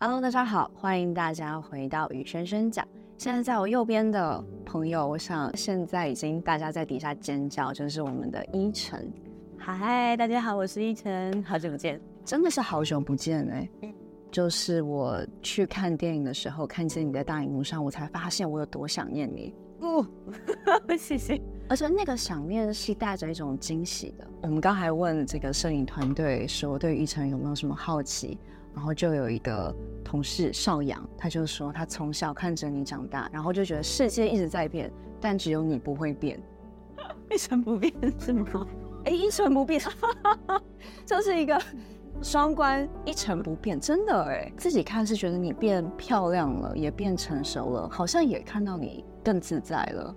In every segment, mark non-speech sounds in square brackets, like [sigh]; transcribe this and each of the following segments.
Hello，大家好，歡迎大家回到與軒軒講。現在在我右邊的朋友，我想現在已經大家在底下尖叫，就是我們的依晨。嗨，大家好，我是依晨，好久不見，真的是好久不見哎、欸嗯。就是我去看電影的時候，看見你在大螢幕上，我才發現我有多想念你。哦， [laughs] 謝謝。而且那個想念是帶着一種驚喜的。我們剛才問這個攝影團隊說，對於依晨有沒有什麼好奇？然後就有一個同事邵陽，他就說他從小看着你長大，然後就覺得世界一直在變，但只有你不會變，一成不變是嗎？哎、 [laughs] 欸，一成不變，這 [laughs] 是一個雙關，一成不變，真的哎、欸，自己看是覺得你變漂亮了，也變成熟了，好像也看到你更自在了，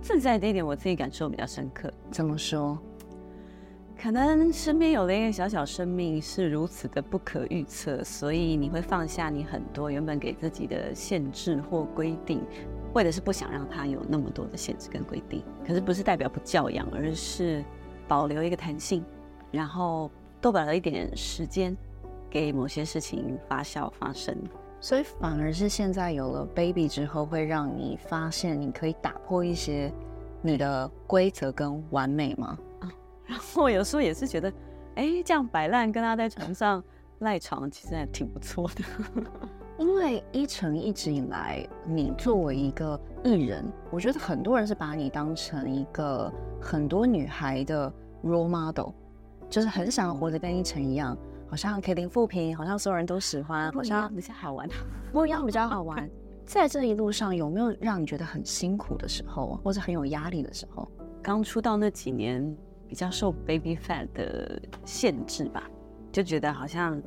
自在的一點我自己感受比較深刻。怎麼說？可能身邊有了一個小小生命是如此的不可預測，所以你會放下你很多原本給自己的限制或規定，為的是不想讓他有那麼多的限制跟規定。可是不是代表不教養，而是保留一個彈性，然後多保留一點時間給某些事情發酵發生。所以反而是現在有了 baby 之後，會讓你發現你可以打破一些你的規則跟完美嗎？啊。然後有時候也是覺得，哎，這樣擺爛跟他在床上賴床，其實還挺不錯的。因為依晨一直以來，你作為一個藝人，我覺得很多人是把你當成一個很多女孩的 role model，就是很想要活得跟依晨一樣，好像可以零負評，好像所有人都喜歡，好像那些好玩，不一樣比較好玩。 [laughs] 在這一路上，有沒有讓你覺得很辛苦的時候，或者很有壓力的時候？剛出道那幾年。比較受 Baby Fat 的限制吧，就覺得好像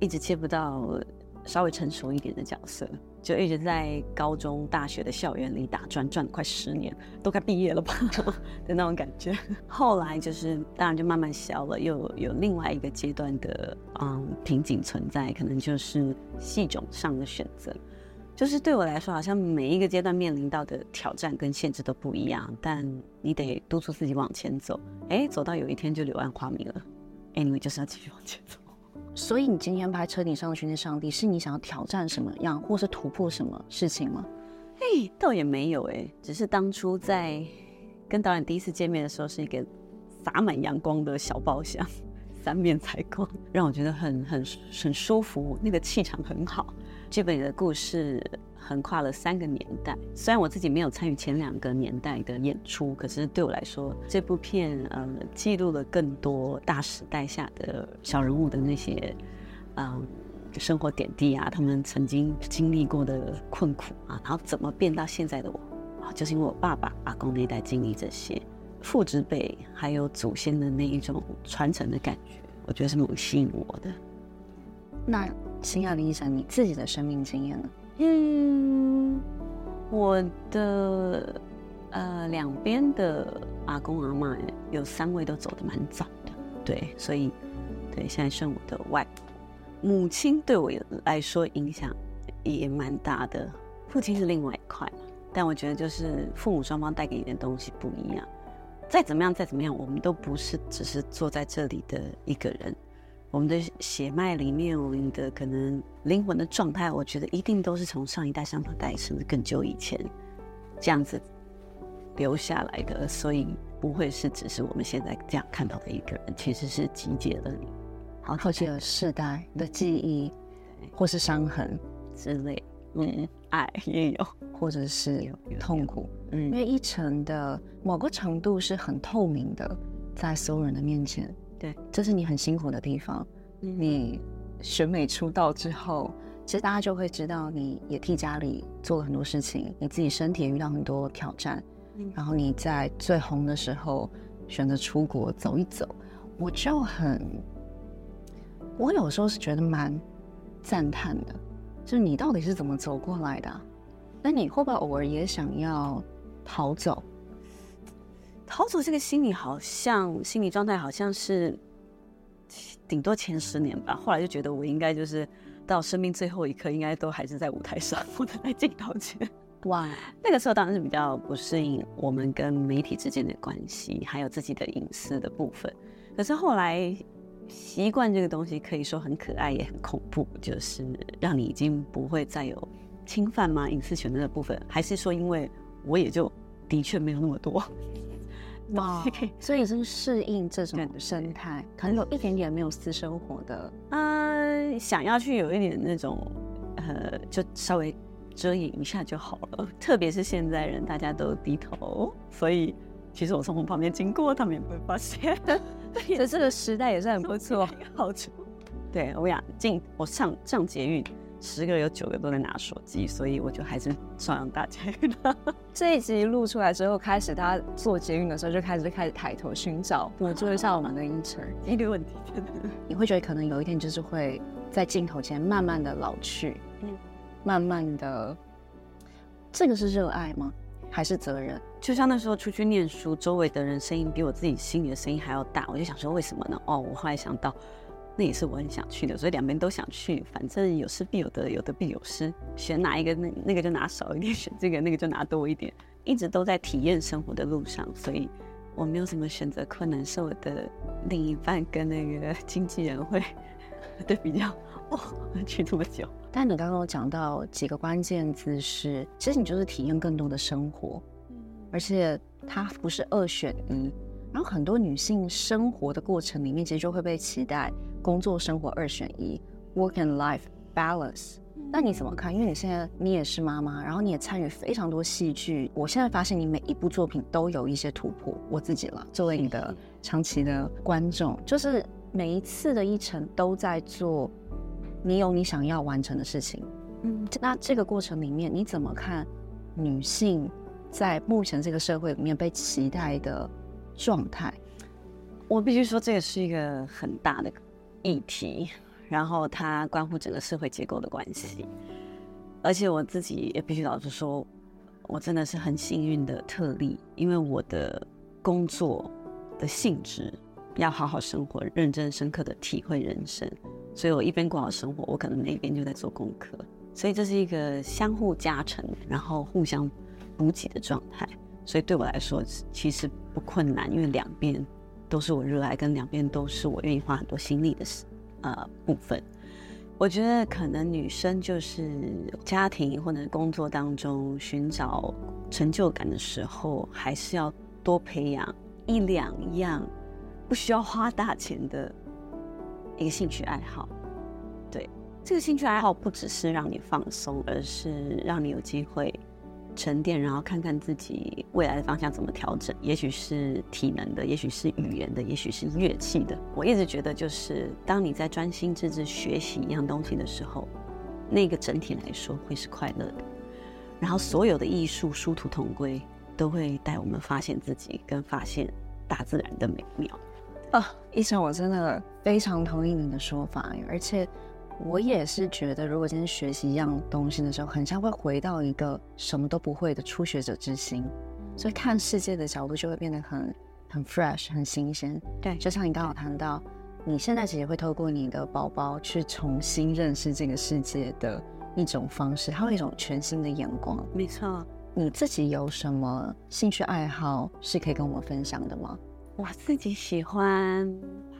一直切不到稍微成熟一點的角色，就一直在高中、大學的校園裡打轉，轉快十年，都快畢業了吧的那種感覺。後來就是，當然就慢慢消了，又有,有另外一個階段的嗯瓶頸存在，可能就是戲種上的選擇。就是對我來說，好像每一個階段面臨到的挑戰跟限制都不一樣，但你得督促自己往前走。哎，走到有一天就柳暗花明了。Anyway，就是要繼續往前走。所以你今天拍車頂上的玄天上帝，是你想要挑戰什麼樣，或是突破什麼事情嗎？哎，倒也沒有哎、欸，只是當初在跟導演第一次見面的時候，是一個灑滿陽光的小包廂，三面採光，讓我覺得很很很舒服，那個氣場很好。劇本的故事橫跨了三個年代，雖然我自己沒有參與前兩個年代的演出，可是對我來說，這部片呃記錄了更多大時代下的小人物的那些嗯、呃、生活點滴啊，他們曾經經歷過的困苦啊，然後怎麼變到現在的我啊，就是因為我爸爸、阿公那一代經歷這些，父執輩還有祖先的那一種傳承的感覺，我覺得是蠻吸引我的。那。先要理享你自己的生命經驗呢？嗯，我的呃兩邊的阿公阿嬤，有三位都走得蠻早的，對，所以對現在剩我的外婆母親對我來說影響也蠻大的，父親是另外一塊，但我覺得就是父母雙方帶給你的東西不一樣，再怎麼樣再怎麼樣，我們都不是只是坐在這裡的一個人。我們的血脈裡面，我們的可能靈魂的狀態，我覺得一定都是從上一代、上上代，甚至更久以前這樣子留下來的，所以不會是只是我們現在這樣看到的一個人，其實是集結了好的，好，或者世代的記憶，或是傷痕、嗯、之類，嗯，愛也有，或者是痛苦，嗯，因為依晨的某個程度是很透明的，在所有人的面前。對，這是你很辛苦的地方。你選美出道之後，其實大家就會知道，你也替家裡做了很多事情，你自己身體也遇到很多挑戰，嗯。然後你在最紅的時候選擇出國走一走，我就很，我有時候是覺得蠻讚嘆的，就是你到底是怎麼走過來的啊？那你會不會偶爾也想要逃走？逃走這個心理，好像心理狀態好像是頂多前十年吧，後來就覺得我應該就是到生命最後一刻，應該都還是在舞台上，不能在鏡頭前。哇、wow.，那個時候當然是比較不適應我們跟媒體之間的關係，還有自己的隱私的部分。可是後來習慣這個東西，可以說很可愛，也很恐怖，就是讓你已經不會再有侵犯嗎隱私權的部分，還是說因為我也就的確沒有那麼多。哇，所以是適應這種生態，可能有一點點沒有私生活的。呃，想要去有一點那種，呃，就稍微遮掩一下就好了。特別是現在人大家都低頭，所以其實我從我旁邊經過，他們也沒發現。在 [laughs] 這個時代也是很不錯，好處。對，我倆進我上上捷運。十個有九個都在拿手機，所以我就還是照樣搭捷運。 [laughs] 這一集錄出來之後，開始大家坐捷運的時候就開始開始抬頭尋找，我做一下我們的影城。幾率很低，真的。你會覺得可能有一天就是會在鏡頭前慢慢的老去，mm. 慢慢的，這個是熱愛嗎？還是責任？就像那時候出去念書，周圍的人聲音比我自己心裡的聲音還要大，我就想說為什麼呢？哦，我後來想到。那也是我很想去的，所以兩邊都想去。反正有失必有得，有得必有失。選哪一個，那那個就拿少一點；選這個，那個就拿多一點。一直都在體驗生活的路上，所以我沒有什麼選擇困難。可能是我的另一半跟那個經紀人會，對比較哦，去這麼久。但你剛剛有講到幾個關鍵字是，其實你就是體驗更多的生活，而且它不是二選一。嗯然後很多女性生活的過程裡面，其實就會被期待工作生活二選一，work and life balance。那你怎麼看？因為你現在你也是媽媽，然後你也參與非常多戲劇。我現在發現你每一部作品都有一些突破。我自己了，作為你的長期的觀眾，就是每一次的議程都在做，你有你想要完成的事情。嗯，那這個過程裡面你怎麼看女性在目前這個社會裡面被期待的？狀態，我必須說這個是一個很大的議題，然後它關乎整個社會結構的關係。而且我自己也必須老實說，我真的是很幸運的特例，因為我的工作的性質要好好生活，認真深刻的體會人生，所以我一邊過好生活，我可能那邊就在做功課，所以這是一個相互加成，然後互相補給的狀態。所以對我來說，其實不困難，因為兩邊都是我熱愛，跟兩邊都是我願意花很多心力的事，呃，部分。我覺得可能女生就是家庭或者，工作當中尋找成就感的時候，還是要多培養一兩樣不需要花大錢的一個興趣愛好。對，這個興趣愛好不只是讓你放鬆，而是讓你有機會。沉澱，然後看看自己未來的方向怎麼調整，也許是體能的，也許是語言的，也許是樂器的。我一直覺得，就是當你在專心致志學習一樣東西的時候，那個整體來說會是快樂的。然後所有的藝術殊途同歸，都會帶我們發現自己跟發現大自然的美妙。啊、哦，依晨，我真的非常同意你的說法，而且。我也是覺得，如果今天學習一樣東西的時候，很像會回到一個什麼都不會的初學者之心，所以看世界的角度就會變得很很 fresh，很新鮮。對，就像你剛好談到，你現在其實會透過你的寶寶去重新認識這個世界的一種方式，還有一種全新的眼光。沒錯，你自己有什麼興趣愛好是可以跟我們分享的嗎？我自己喜歡。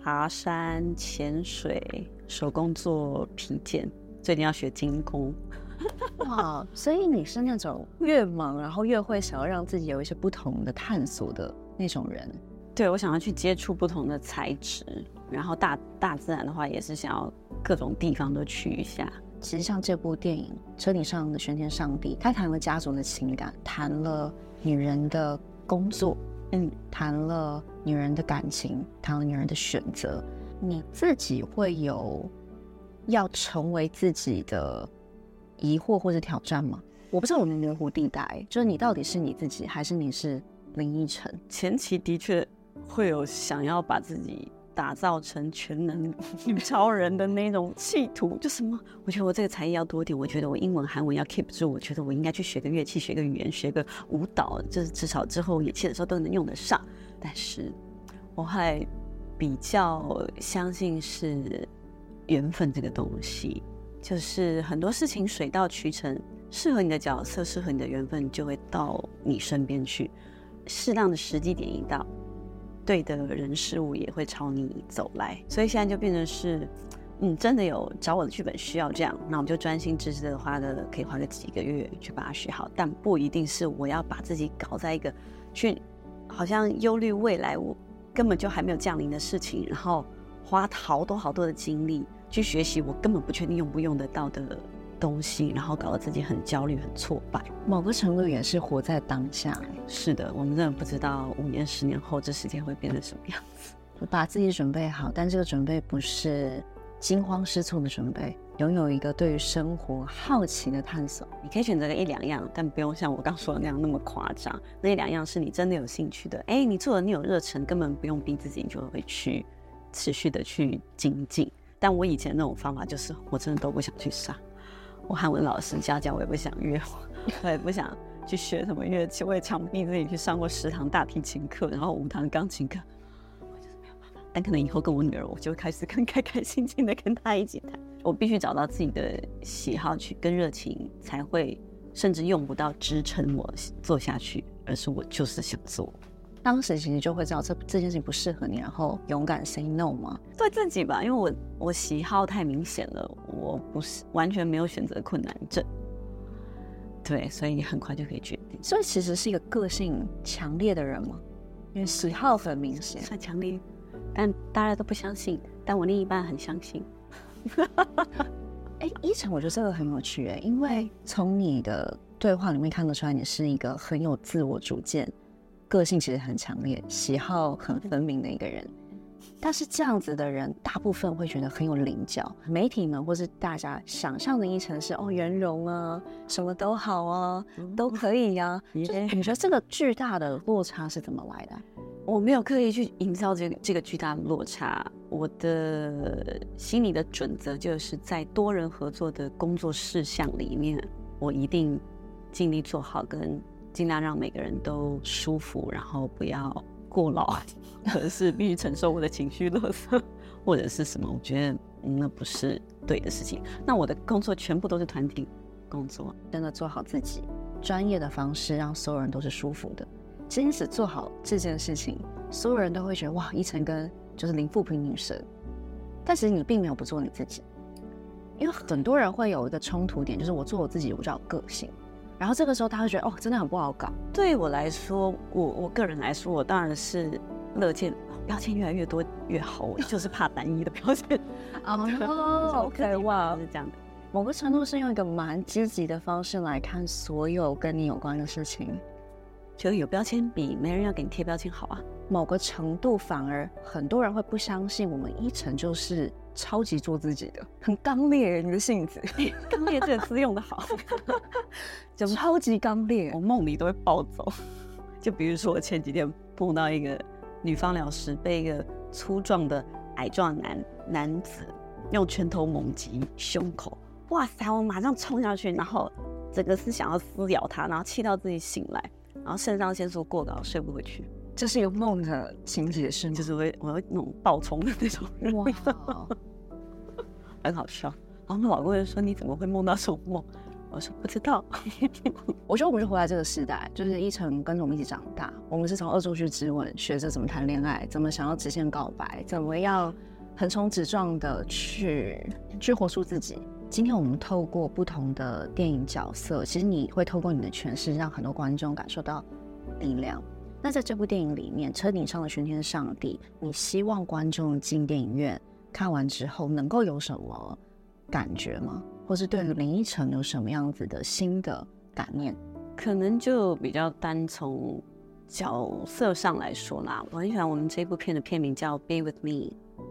爬山、潛水、手工做皮件，最近要學金工。 [laughs] 哇，所以你是那種越忙，然後越會想要讓自己有一些不同的探索的那種人。對，我想要去接觸不同的材質，然後大大自然的話，也是想要各種地方都去一下。其實像這部電影《車頂上的玄天上帝》，他談了家族的情感，談了女人的工作。嗯嗯，談了女人的感情，談了女人的選擇，你自己會有要成為自己的疑惑或者挑戰嗎？我不知道有沒有模糊地帶，就是你到底是你自己，還是你是林依晨？前期的確會有想要把自己打造成全能女超人的那種企圖， [laughs] 就什麼？我覺得我這個才藝要多一點，我覺得我英文、韓文要 keep 住，我覺得我應該去學個樂器、學個語言、學個舞蹈，就是至少之後演戲的時候都能用得上。但是，我還比較相信是緣分這個東西，就是很多事情水到渠成，適合你的角色、適合你的緣分就會到你身邊去，適當的時機點一到。對的人事物也會朝你走來，所以現在就變成是、嗯，你真的有找我的劇本需要這樣，那我們就專心致志的花個可以花個幾個月去把它學好。但不一定是我要把自己搞在一個去好像憂慮未來我根本就還沒有降臨的事情，然後花好多好多的精力去學習我根本不確定用不用得到的東西，然後搞得自己很焦慮、很挫敗。某個程度也是活在當下。是的，我們真的不知道五年、十年後這世界會變成什麼樣子。把自己準備好，但這個準備不是驚慌失措的準備。擁有一個對於生活好奇的探索，你可以選擇個一兩樣，但不用像我剛說的那樣那麼誇張。那一兩樣是你真的有興趣的。哎，你做的你有熱忱，根本不用逼自己，你就會去持續的去精進。但我以前那種方法，就是我真的都不想去上，我漢文老師教教我也不想約我，我也不想去學什麼樂器。我也強迫自己去上過十堂大提琴課，然後五堂鋼琴課，我就是沒有辦法。但可能以後跟我女兒，我就開始更開開心心的跟她一起彈。我必須找到自己的喜好去跟熱情，才會甚至用不到支撐我做下去，而是我就是想做。當時其實你就會知道這這件事情不適合你，然後勇敢 say no 嗎？對自己吧，因為我我喜好太明顯了，我不是完全沒有選擇困難症。對，所以你很快就可以決定。所以其實是一個個性強烈的人嗎？因為喜好很明顯，算強烈，但大家都不相信，但我另一半很相信。哎， [laughs] 依晨，我覺得這個很有趣耶，因為從你的對話裡面看得出來，你是一個很有自我主見。個性其實很強烈，喜好很分明的一個人，但是這樣子的人大部分會覺得很有稜角。媒體們或是大家想象的一層是哦，圓融啊，什麼都好啊，都可以呀，啊。 [laughs] 你覺得這個巨大的落差是怎麼來的？我沒有刻意去營造這個這個巨大的落差。我的心裡的準則就是在多人合作的工作事項裡面，我一定盡力做好跟。盡量讓每個人都舒服，然後不要過勞，而是必須承受我的情緒勒索， [laughs] 或者是什麼？我覺得、嗯、那不是對的事情。那我的工作全部都是團體工作，真的做好自己，專業的方式讓所有人都是舒服的。僅僅做好這件事情，所有人都會覺得哇，依晨跟就是林富平女神。但其實你並沒有不做你自己，因為很多人會有一個衝突點，就是我做我自己，我叫個性。然後這個時候他會覺得哦，真的很不好搞。對我來說，我我個人來說，我當然是樂見標籤越來越多越好。我 [laughs] 就是怕單一的標籤。哦，哇，是這樣的。某個程度是用一個蠻積極的方式來看所有跟你有關的事情，覺得有標籤比沒人要給你貼標籤好啊。某個程度，反而很多人會不相信我們依晨就是超級做自己的，很剛烈，你的性子，剛 [laughs] [laughs] 烈這個詞用得好，就 [laughs] 超級剛烈，我夢裡都會暴走。就比如說我前幾天碰到一個女方療師，被一個粗壯的矮壯男男子用拳頭猛擊胸口，哇塞，我馬上衝下去，然後整個是想要撕咬他，然後氣到自己醒來，然後腎上腺素過高睡不回去。這是一個夢的情節是，就是我我會那種爆衝的那種，哇， [laughs] 很好笑。然後我老公就說：“你怎麼會夢到這種夢？”我說：“不知道。 [laughs] ”我覺得我們是活在這個時代，就是依晨跟着我們一起長大，我們是從惡作劇之吻，學着怎麼談戀愛，怎麼想要直線告白，怎麼要橫衝直撞的去去活出自己、嗯。今天我們透過不同的電影角色，其實你會透過你的詮釋，讓很多觀眾感受到力量。那在這部電影裡面，《車頂上的玄天上帝》，你希望觀眾進電影院看完之後能夠有什麼感覺嗎？或是對於林依晨有什麼樣子的新的感念？可能就比較單從角色上來說啦。我很喜歡我們這部片的片名叫《Be With Me》，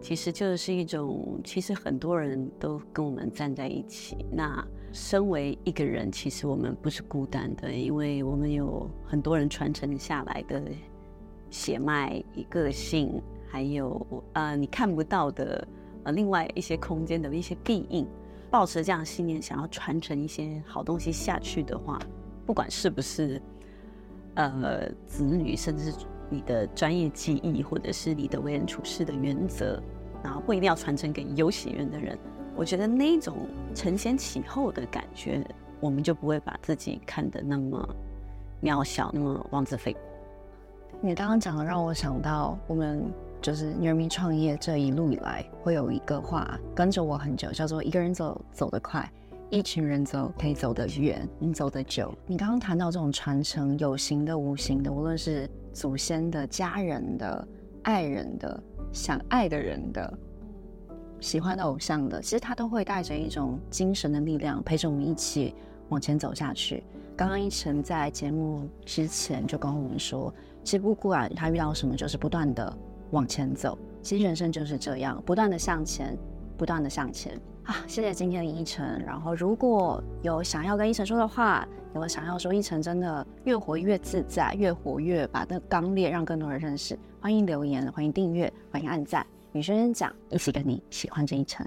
其實就是一種，其實很多人都跟我們站在一起。那。身為一個人，其實我們不是孤單的，因為我們有很多人傳承下來的血脈、個性，還有呃你看不到的呃另外一些空間的一些庇蔭。抱持這樣的信念，想要傳承一些好東西下去的話，不管是不是呃子女，甚至是你的專業技藝，或者是你的為人處事的原則，然後不一定要傳承給有血緣的人。我覺得那種承前啟後的感覺，我們就不會把自己看得那麼渺小，那麼妄自菲薄。你剛剛講的讓我想到，我們就是女人迷創業這一路以來，會有一個話跟着我很久，叫做“一個人走走得快，一群人走可以走得遠，你走得久”。你剛剛談到這種傳承，有形的、無形的，無論是祖先的、家人的、愛人的、想愛的人的。喜歡的偶像的，其實他都會帶着一種精神的力量，陪着我們一起往前走下去。剛剛依晨在節目之前就跟我們說，其實不管他遇到什麼就是不斷的往前走。其實人生就是這樣，不斷的向前，不斷的向前。啊，謝謝今天的依晨。然後如果有想要跟依晨說的話，有想要說依晨真的越活越自在，越活越把那剛烈讓更多人認識。歡迎留言，歡迎訂閱，歡迎按讚。與軒軒講，一起跟你喜歡這一程。